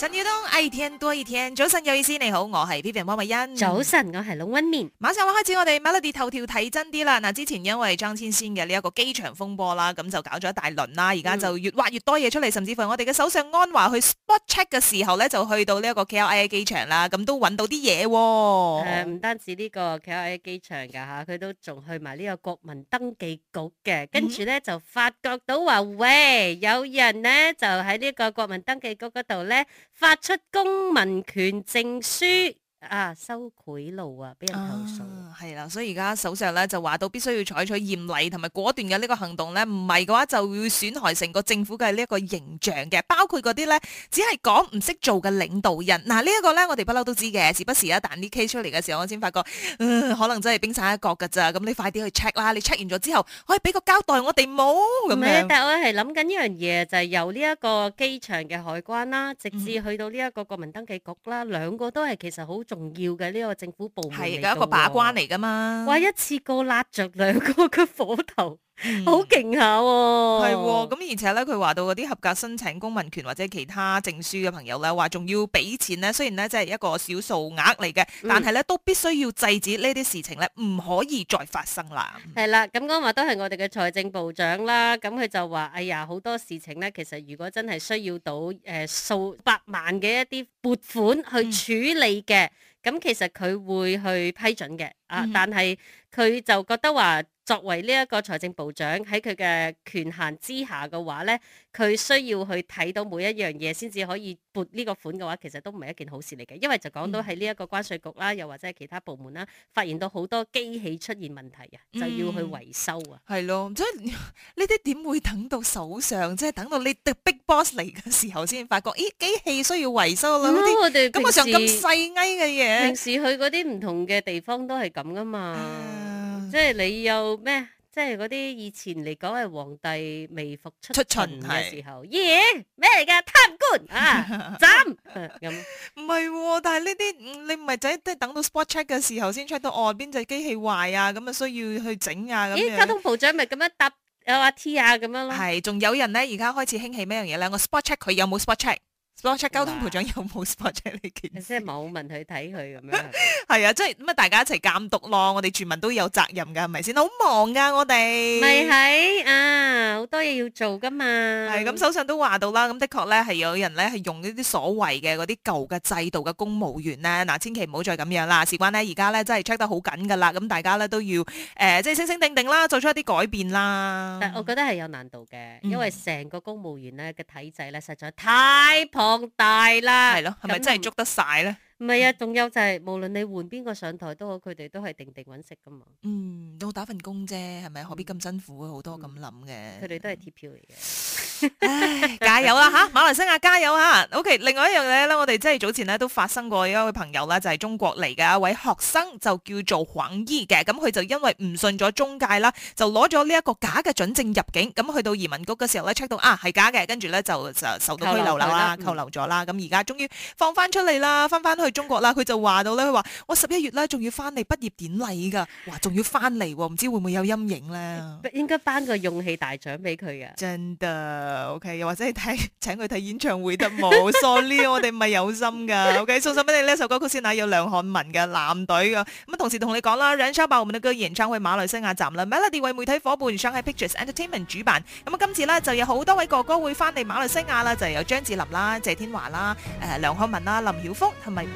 陳曉東愛聽多一天，愛聽早晨有意思，你好，我係 Vivian 溫慧欣，早晨，我係龍溫面。馬上話開始，我哋 melody 頭條睇真啲啦。嗱，之前因為張千仙嘅呢一個機場風波啦，咁就搞咗一大輪啦。而家就越挖越多嘢出嚟，嗯、甚至乎我哋嘅首相安華去 spot check 嘅時候咧，就去到呢一個 KLIA 機場啦，咁都搵到啲嘢、哦。誒、呃，唔單止呢個 KLIA 機場噶吓，佢都仲去埋呢個國民登記局嘅，跟住咧就發覺到話，喂，有人呢，就喺呢個國民登記局嗰度咧。發出公民權證書。啊，收賄賂啊，俾人投訴係啦，所以而家首相咧就話到必須要採取嚴厲同埋果斷嘅呢個行動咧，唔係嘅話就會損害成個政府嘅呢一個形象嘅，包括嗰啲咧只係講唔識做嘅領導人，嗱、啊，這個、呢一個咧我哋不嬲都知嘅，時不時一彈啲 case 出嚟嘅時候，我先發覺，嗯，可能真係冰山一角噶咋，咁你快啲去 check 啦，你 check 完咗之後可以俾個交代我哋冇？唔係，但係我係諗緊呢樣嘢就係、是、由呢一個機場嘅海關啦，直至去到呢一個國民登記局啦，兩、嗯、個都係其實好重要嘅呢個政府部門係而家一個把關嚟噶嘛，話一次過拉着兩個嘅火頭。好勁下喎，係喎，咁、 哦、而且咧，佢話到嗰啲合格申請公民權或者其他證書嘅朋友咧，話仲要俾錢咧，雖然咧即係一個小數額嚟嘅，但係咧都必須要制止呢啲事情咧，唔可以再發生啦。係啦，咁啱話都係我哋嘅財政部長啦，咁佢就話，哎呀，好多事情咧，其實如果真係需要到誒、呃、數百萬嘅一啲撥款去處理嘅。嗯咁其實佢會去批准嘅，啊！但係佢就覺得話，作為呢一個財政部長，喺佢嘅權限之下嘅話咧。佢需要去睇到每一樣嘢先至可以撥呢個款嘅話，其實都唔係一件好事嚟嘅，因為就講到喺呢一個關稅局啦，又或者係其他部門啦，發現到好多機器出現問題啊，嗯、就要去維修啊。係咯，所以呢啲點會等到手上即係，等到你 Big Boss 的逼波嚟嘅時候先發覺，咦、欸、機器需要維修啦。咁、嗯、些我哋咁個上咁細埃嘅嘢，平時去嗰啲唔同嘅地方都係咁噶嘛。啊、即係你有咩？即係嗰啲以前嚟講係皇帝微服出巡嘅時候，耶咩嚟噶貪官啊 斬咁。唔係喎，但係呢啲你唔係就係係等到 spot check 嘅時候先 check 到哦邊隻機器壞啊，咁啊需要去整啊咁咦，交、哎、樣通部長咪咁樣搭有阿、啊、T 啊咁樣咯。係，仲有人咧，而家開始興起咩樣嘢咧？我 spot check 佢有冇 spot check？Spot, 哇交通部長有冇 spot check 嚟嘅？即係冇問佢睇佢咁樣。係啊，即係咁啊，大家一齊監督咯。我哋住民都有責任噶，係咪先？好忙噶，我哋咪係啊，好多嘢要做噶嘛。係咁、嗯，首相都話到啦，咁、嗯、的確咧係有人咧係用呢啲所謂嘅嗰啲舊嘅制度嘅公務員咧，嗱、呃，千祈唔好再咁樣啦。事關呢，而家咧真係 check 得好緊噶啦，咁大家咧都要誒，即係醒醒定定啦，做出一啲改變啦。嗯、但我覺得係有難度嘅，因為成個公務員咧嘅體制咧實在太放大啦，係咯，係咪真係捉得晒咧？唔係啊，仲有就係、是、無論你換邊個上台都好，佢哋都係定定揾食噶嘛。嗯，都打份工啫，係咪？何必咁辛苦？好、嗯、多咁諗嘅。佢哋、嗯、都係貼票嚟嘅、 哎。加油啦嚇！馬來西亞加油嚇！OK，另外一樣嘢咧，我哋即係早前咧都發生過一位朋友啦，就係、是、中國嚟嘅一位學生，就叫做黃依嘅。咁、嗯、佢就因為唔信咗中介啦，就攞咗呢一個假嘅準證入境。咁去到移民局嘅時候咧，check 到啊係假嘅，跟住咧就就受到拘留啦，扣留咗啦。咁而家終於放翻出嚟啦，翻翻去。中國啦，佢就話到咧，佢話我十一月咧仲要翻嚟畢業典禮噶，哇，仲要翻嚟喎，唔、哦、知會唔會有陰影咧？應該頒個勇氣大獎俾佢啊，真噶，OK，又或者係睇請佢睇演唱會得冇？Sorry， 我哋唔係有心噶，OK，送送俾你呢首歌曲，曲先嗱有梁漢文嘅《男隊》噶、嗯，咁同時同你講啦，爆演唱會馬來西亞站啦，Melody 為媒體夥伴 Shanghai Pictures Entertainment 主辦，咁、嗯、啊，今次咧就有好多位哥哥會翻嚟馬來西亞啦，就係有張智霖啦、謝天華啦、誒、呃、梁漢文啦、林曉峰係咪？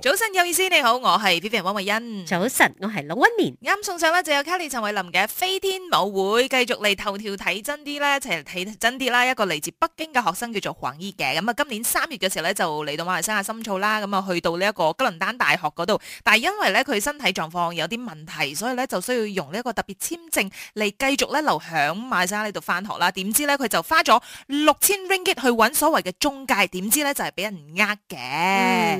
早晨有意思，你好，我係 Vivian 汪慧欣。早晨，我係陸溫蓮。啱送上咧就有 Kelly 陳慧琳嘅飛天舞會，繼續嚟頭條睇真啲咧，就係睇真啲啦。一個嚟自北京嘅學生叫做黃依嘅，咁、嗯、啊今年三月嘅時候咧就嚟到馬來西亞深造啦，咁、嗯、啊去到呢一個吉蘭丹大學嗰度，但係因為咧佢身體狀況有啲問題，所以咧就需要用呢一個特別簽證嚟繼續咧留響馬來西亞呢度翻學啦。點知咧佢就花咗六千 Ringgit 去揾所謂嘅中介，點知咧就係、是、俾人呃嘅、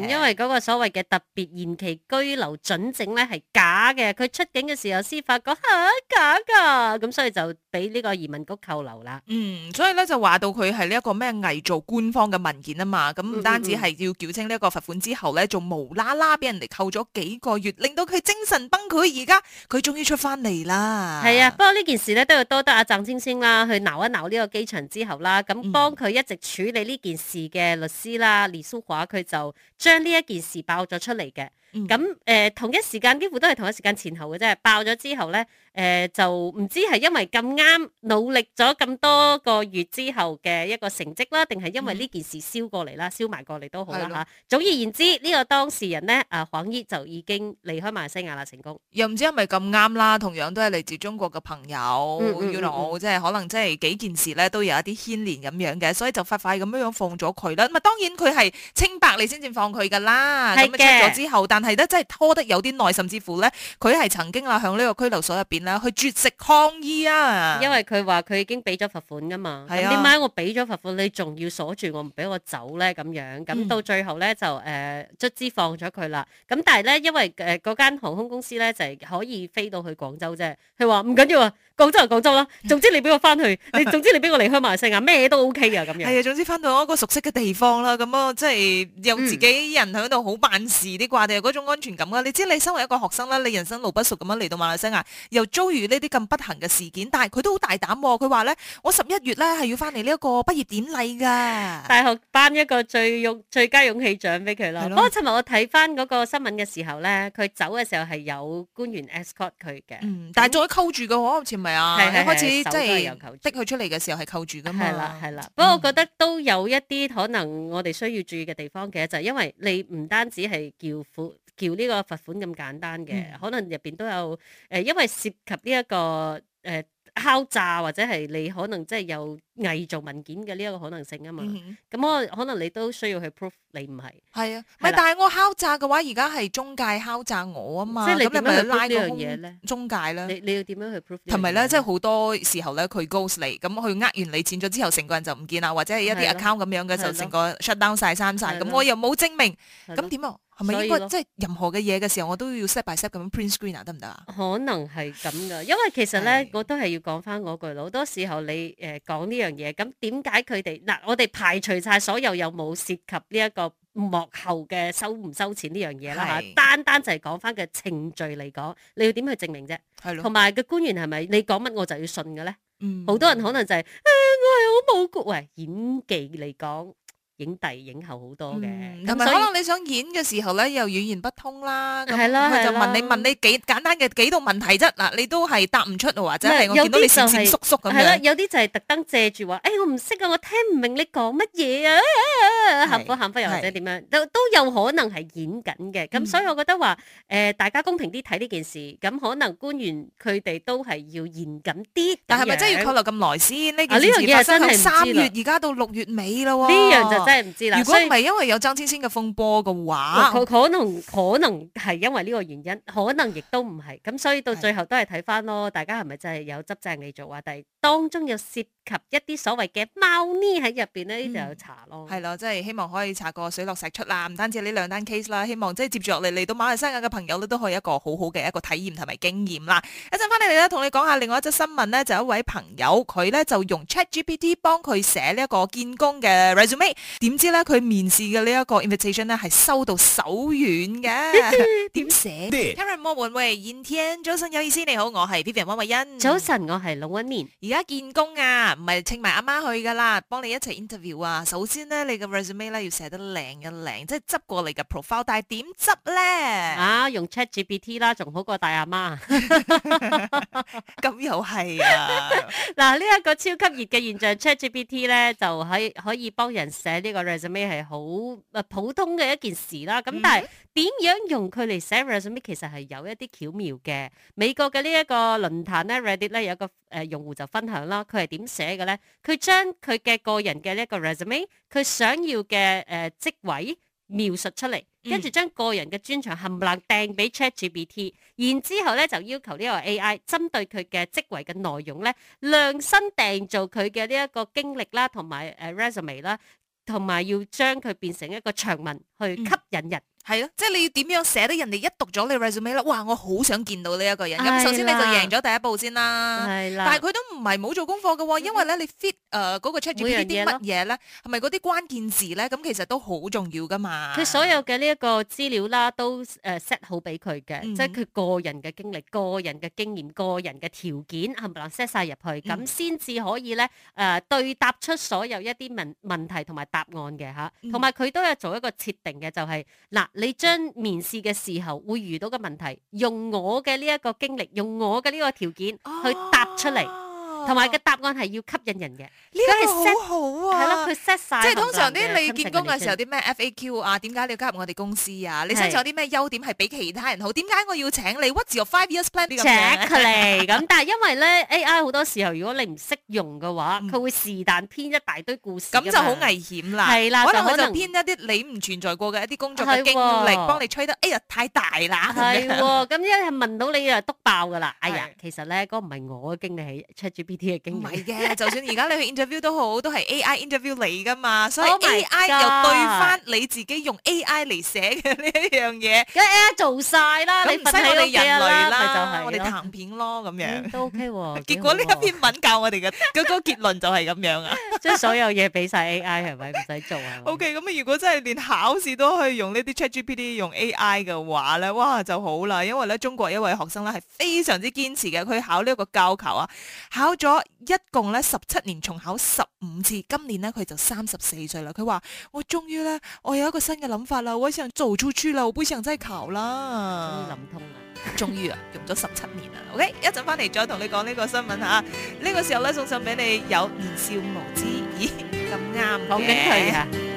嗯。因為嗰個所謂。嘅特別延期居留準證咧係假嘅，佢出境嘅時候先發覺嚇、啊、假㗎，咁所以就俾呢個移民局扣留啦。嗯，所以咧就話到佢係呢一個咩偽造官方嘅文件啊嘛，咁唔單止係要繳清呢一個罰款之後咧，仲無啦啦俾人哋扣咗幾個月，令到佢精神崩潰。而家佢終於出翻嚟啦。係啊，不過呢件事咧都要多得阿鄭青青啦，去鬧一鬧呢個機場之後啦，咁幫佢一直處理呢件事嘅律師啦，李淑華佢就將呢一件事教咗出嚟嘅。咁誒，同一時間幾乎都係同一時間前後嘅啫，爆咗之後咧，誒就唔知係因為咁啱努力咗咁多個月之後嘅一個成績啦，定係因為呢件事燒過嚟啦，燒埋過嚟都好啦吓。總而言之，呢個當事人咧，阿黃依就已經離開馬來西亞啦，成功。又唔知係咪咁啱啦，同樣都係嚟自中國嘅朋友，原來即係可能即係幾件事咧都有一啲牽連咁樣嘅，所以就快快咁樣放咗佢啦。咁啊，當然佢係清白你先至放佢噶啦。咁啊，出咗之後但係咧，真係拖得有啲耐，甚至乎咧，佢係曾經啊，向呢個拘留所入邊咧，去絕食抗議啊！因為佢話佢已經俾咗罰款噶嘛，係啊，點解我俾咗罰款，你仲要鎖住我，唔俾我走咧？咁樣咁到最後咧，就誒，卒、呃、之放咗佢啦。咁但係咧，因為誒嗰間航空公司咧，就係、是、可以飛到去廣州啫。佢話唔緊要啊。廣州係廣州啦，總之你俾我翻去， 你總之你俾我離開馬來西亞咩都 O K 啊咁樣。係啊、哎，總之翻到一個熟悉嘅地方啦，咁啊，即係有自己人喺度好辦事啲啩，定係嗰種安全感啊？嗯、你知你身為一個學生啦，你人生路不熟咁樣嚟到馬來西亞，又遭遇呢啲咁不幸嘅事件，但係佢都好大膽、啊，佢話咧，我十一月咧係要翻嚟呢一個畢業典禮噶。大學頒一個最最佳勇氣獎俾佢咯。的不過尋日我睇翻嗰個新聞嘅時候咧，佢走嘅時候係有官員 escort 佢嘅。但係再溝住嘅嗬，好係啊，一的開始即係逼佢出嚟嘅時候係扣住㗎嘛？係啦，係啦。不過、嗯、我覺得都有一啲可能我哋需要注意嘅地方嘅，就係、因為你唔單止係叫，叫款叫呢個罰款咁簡單嘅，嗯、可能入邊都有誒、呃，因為涉及呢、這、一個誒。呃敲詐或者係你可能即係有偽造文件嘅呢一個可能性啊嘛，咁我、嗯、哼可能你都需要去 proof 你唔係，係啊，係的但係我敲詐嘅話，而家係中介敲詐我啊嘛，即咁你咪去呢你拉呢樣嘢咧？中介咧，你你要點樣去 proof？同埋咧，即係好多時候咧，佢 ghost 你，咁佢呃完你錢咗之後，成個人就唔見啦，或者係一啲 account 咁樣嘅就成個 shutdown 晒刪晒。咁的我又冇證明，咁點啊？係咪呢個即係任何嘅嘢嘅時候，我都要 set by set 咁 print screen 得唔得啊？行行啊，可能係咁噶，因為其實咧，是的 我都係要講翻嗰句，好多時候你誒、呃、講呢樣嘢，咁點解佢哋嗱我哋排除晒所有有冇涉及呢一個幕後嘅收唔收錢呢樣嘢啦？嚇，是的 單單就係講翻嘅程序嚟講，你要點去證明啫？係咯，同埋個官員係咪你講乜我就要信嘅咧？好、嗯、多人可能就係、是哎呃、我係好無辜。喂，演技嚟講。影帝影后好多嘅，咁可能你想演嘅時候咧，又語言不通啦。係啦，佢就問你問你幾簡單嘅幾道問題啫。嗱，你都係答唔出或者係我見到你字字縮縮咁樣。係啦，有啲就係特登借住話，誒我唔識啊，我聽唔明你講乜嘢啊，行翻行翻又或者點樣，都有可能係演緊嘅。咁所以我覺得話誒，大家公平啲睇呢件事，咁可能官員佢哋都係要嚴謹啲。但係咪真係要扣留咁耐先？呢件事而家發生喺三月，而家到六月尾啦喎。呢樣就～真係唔知啦。如果唔係因為有張千千嘅風波嘅話，佢、呃、可能可能係因為呢個原因，可能亦都唔係。咁所以到最後都係睇翻咯，的大家係咪真係有執正嚟做啊？但係當中有涉及一啲所謂嘅貓呢喺入邊咧，就有查咯，係咯，即係希望可以查個水落石出啦。唔單止呢兩單 case 啦，希望即係接住落嚟嚟到馬來西亞嘅朋友咧，都可以一個好好嘅一個體驗同埋經驗啦。一陣翻嚟咧，同你講下另外一則新聞咧，就有一位朋友佢咧就用 ChatGPT 幫佢寫呢一個見工嘅 resume，點知咧佢面試嘅呢一個 invitation 咧係收到手軟嘅，點寫嘅？聽唔聽到我門喂？燕天早晨有意思，你好，我係 Vivian 汪慧欣。早晨，我係龍韻年。而家見工啊！唔係請埋阿媽去噶啦，幫你一齊 interview 啊！首先咧，你嘅 resume 咧要寫得靚一靚，即係執過嚟嘅 profile。但係點執咧？啊，用 ChatGPT 啦，仲好過大阿媽,媽。咁又係啊！嗱，呢一個超級熱嘅現象 ，ChatGPT 咧就可以可以幫人寫呢個 resume 係好啊普通嘅一件事啦。咁、嗯、但係點樣用佢嚟寫 resume 其實係有一啲巧妙嘅。美國嘅呢一個論壇咧，Reddit 咧有個。誒、呃、用戶就分享啦，佢係點寫嘅咧？佢將佢嘅個人嘅呢一個 resume，佢想要嘅誒職位描述出嚟，跟住將個人嘅專長冚唪唥掟俾 ChatGPT，然之後咧就要求呢個 AI 針對佢嘅職位嘅內容咧量身訂造佢嘅呢一個經歷啦，同埋誒 resume 啦，同埋要將佢變成一個長文去吸引人。嗯係咯，啊、即係你要點樣寫得人哋一讀咗你 resume 啦？哇！我好想見到呢一個人。咁的首先你就贏咗第一步先啦。係啦的。但係佢都唔係冇做功課嘅喎，嗯、因為咧你 fit 誒、呃、嗰、那個 ChatGPT 呢啲乜嘢咧？係咪嗰啲關鍵字咧？咁、嗯、其實都好重要㗎嘛。佢所有嘅呢一個資料啦，都誒 set 好俾佢嘅，即係佢個人嘅經歷、個人嘅經驗、個人嘅條件，係咪啦？set 晒入去，咁先至可以咧誒對答出所有一啲問問題同埋答案嘅嚇，同埋佢都有做一個設定嘅，就係、是、嗱。你將面試嘅時候會遇到嘅問題，用我嘅呢一個經歷，用我嘅呢個條件去答出嚟。同埋個答案係要吸引人嘅，呢個好好啊！係咯，佢 set 曬，即係通常啲你見工嘅時候啲咩 FAQ 啊，點解你要加入我哋公司啊？你身上有啲咩優點係比其他人好？點解我要請你？What’s your five years plan？請佢嚟咁，但係因為咧 AI 好多時候，如果你唔識用嘅話，佢會是但編一大堆故事，咁就好危險啦。係啦，可能我就編一啲你唔存在過嘅一啲工作嘅經歷，幫你吹得哎呀太大啦。係喎，咁一係問到你啊篤爆㗎啦！哎呀，其實咧嗰唔係我嘅經歷起出住。嘅經嘅， 就算而家你去 interview 都好，都係 A.I. interview 你噶嘛，所以 A.I. 又對翻你自己用 A.I. 嚟寫嘅呢一樣嘢，咁 A.I. 做晒啦，你唔使理人類啦，啦我哋談片咯咁、嗯、樣、嗯，都 OK 喎、哦。 啊、結果呢一篇文教我哋嘅嗰個結論就係咁樣啊，即 係 所有嘢俾晒 A.I. 係咪唔使做啊？O.K. 咁如果真係連考試都可以用呢啲 ChatGPT 用 A.I. 嘅話咧，哇就好啦，因為咧中國一位學生咧係非常之堅持嘅，佢考呢一個教球啊，考咗一共咧十七年，重考十五次，今年咧佢就三十四歲啦。佢話：我終於咧，我有一個新嘅諗法啦，我想做豬豬啦，我上真再求啦。終於諗通啦， 終於啊，用咗十七年啊。OK，一陣翻嚟再同你講呢個新聞吓。呢、呢個時候咧，送上俾你有年少無知，咦咁啱好嘅。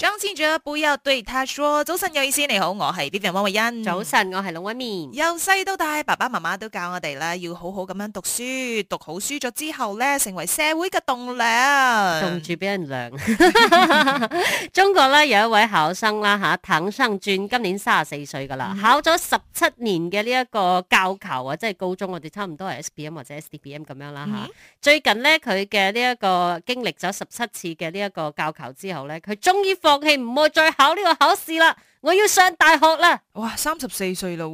張先住啊，背對 t o 早晨有意思，你好，我係 Vivian 汪慧欣。早晨，我係龍偉明。由細到大，爸爸媽媽都教我哋咧要好好咁樣讀書，讀好書咗之後咧，成為社會嘅棟梁。凍住俾人量。 中國咧有一位考生啦，吓，坦生轉，今年三十四歲噶啦，mm hmm. 考咗十七年嘅呢一個教球啊，即、就、係、是、高中，我哋差唔多係 S B M 或者 S D B M 咁樣啦吓。Hmm. 最近咧、這個，佢嘅呢一個經歷咗十七次嘅呢一個教球之後咧，佢終於放棄，唔會再考呢個考試啦。我要上大學啦，OK！哇，三十四歲啦，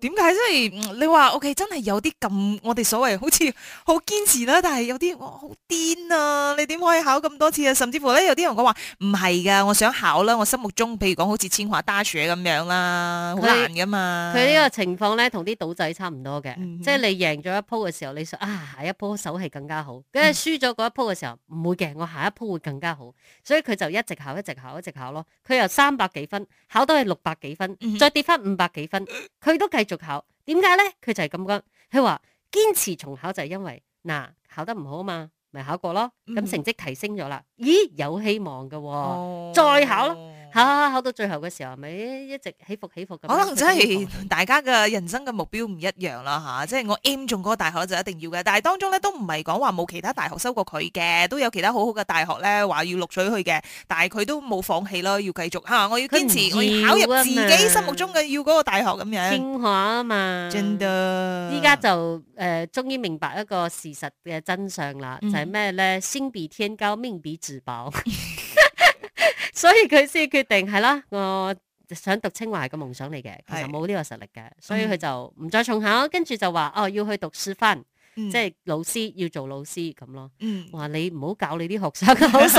點解即係你話 OK？真係有啲咁我哋所謂好似好堅持啦，但係有啲好癲啊！你點可以考咁多次啊？甚至乎咧，有啲人講話唔係噶，我想考啦。我心目中譬如講好似清華大學咁樣啦，好難噶嘛。佢呢個情況咧，同啲賭仔差唔多嘅，即係，嗯、哼你贏咗一鋪嘅時候，你想啊，下一鋪手氣更加好；跟住輸咗嗰一鋪嘅時候，唔、嗯、會嘅，我下一鋪會更加好。所以佢就一直考，一直考，一直考咯。佢由三百幾分。考到係六百幾分，再跌翻五百幾分，佢都繼續考。點解咧？佢就係咁講，佢話堅持重考就係因為嗱、啊，考得唔好啊嘛，咪考過咯，咁成績提升咗啦，咦，有希望嘅、哦，再考咯。嚇！考、啊、到最後嘅時候，咪一直起伏起伏咁。可能真係大家嘅人生嘅目標唔一樣啦嚇、啊，即係我 aim 中嗰個大學就一定要嘅。但係當中咧都唔係講話冇其他大學收過佢嘅，都有其他好好嘅大學咧話要錄取佢嘅。但係佢都冇放棄咯，要繼續嚇、啊，我要堅持，要我要考入自己心目中嘅要嗰個大學咁樣。清華啊嘛，依家 Gender 就誒、呃、終於明白一個事實嘅真相啦，就係咩咧？心、嗯、比天高，命比紙薄。 所以佢先決定，係啦，我想讀清華係個夢想嚟嘅，其實冇呢個實力嘅，所以佢就唔再重考，跟住就話哦，要去讀師範。嗯、即係老師要做老師咁咯，話、嗯、你唔好教你啲學生考十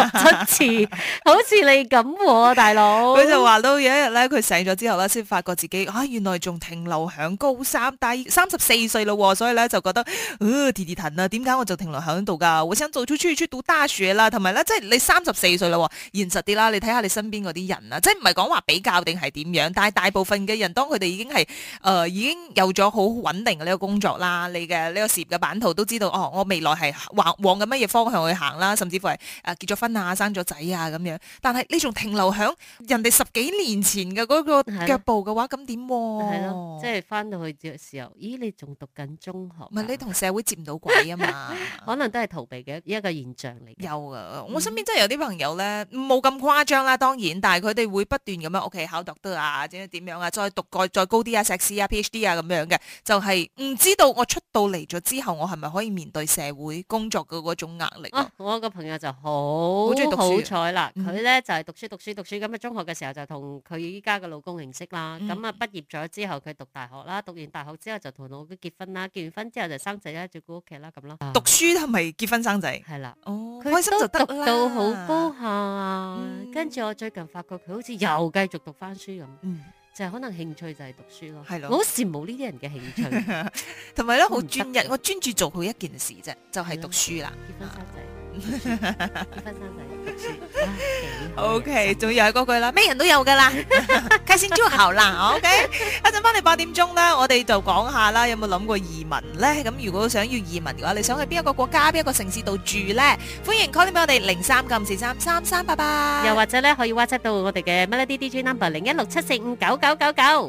七次， 好似你咁大佬。佢 就話到有一日咧，佢醒咗之後咧，先發覺自己啊，原來仲停留響高三，但係三十四歲咯，所以咧就覺得，嗚、呃，跌跌騰啊！點解我就停留響度噶？我想做出出出到大學啦，同埋咧，即係、就是、你三十四歲咯，現實啲啦，你睇下你身邊啲人啊，即係唔係講話比較定係點樣，但係大部分嘅人，當佢哋已經係誒、呃、已經有咗好穩定嘅呢個工作啦，你嘅呢、這個事業嘅版圖都知道哦，我未來係往緊乜嘢方向去行啦，甚至乎係誒結咗婚啊，生咗仔啊咁樣。但係你仲停留響人哋十幾年前嘅嗰個腳步嘅話，咁點的？係咯，哦，即係翻到去嘅時候，咦？你仲讀緊中學？唔係你同社會接唔到鬼啊嘛？ 可能都係逃避嘅一個現象嚟。嘅的。有啊，嗯，我身邊真係有啲朋友咧，冇咁誇張啦，啊，當然，但係佢哋會不斷咁樣屋企考讀得啊，點樣點樣啊，再讀再再高啲啊，碩士啊、PhD 啊咁樣嘅，就係、是、唔知道我出到嚟咗之後。我係咪可以面對社會工作嘅嗰種壓力啊？我個朋友就好好中意讀書，好彩啦，佢呢就係讀書、嗯、就是、讀書讀書咁啊。中學嘅時候就同佢依家嘅老公認識啦。咁啊、嗯，畢業咗之後佢讀大學啦，讀完大學之後就同老公結婚啦。結完婚之後就生仔啦，照顧屋企啦咁咯。讀書係咪結婚生仔？係啦，哦，佢開心就得啦。都讀到好高下，跟住、嗯、我最近發覺佢好似又繼、繼續讀翻書咁。嗯就可能興趣就係讀書咯，係咯，我好羨慕呢啲人嘅興趣，同埋咧好專一。我專注做好一件事啫，就係、是、讀書啦。結婚生仔， 結婚生仔。O K，仲要係嗰句啦，咩 人都有噶啦，開心、 okay? 就好啦。O K，一陣翻嚟八點鐘啦，我哋就講下啦，有冇諗過移民咧？咁如果想要移民嘅話，你想去邊一個國家、邊一個城市度住咧？歡迎 call 我哋零三九五四三三三八八，拜拜。又或者咧，可以 WhatsApp 到我哋嘅 Melody DJ number 零一六七四五九九九九。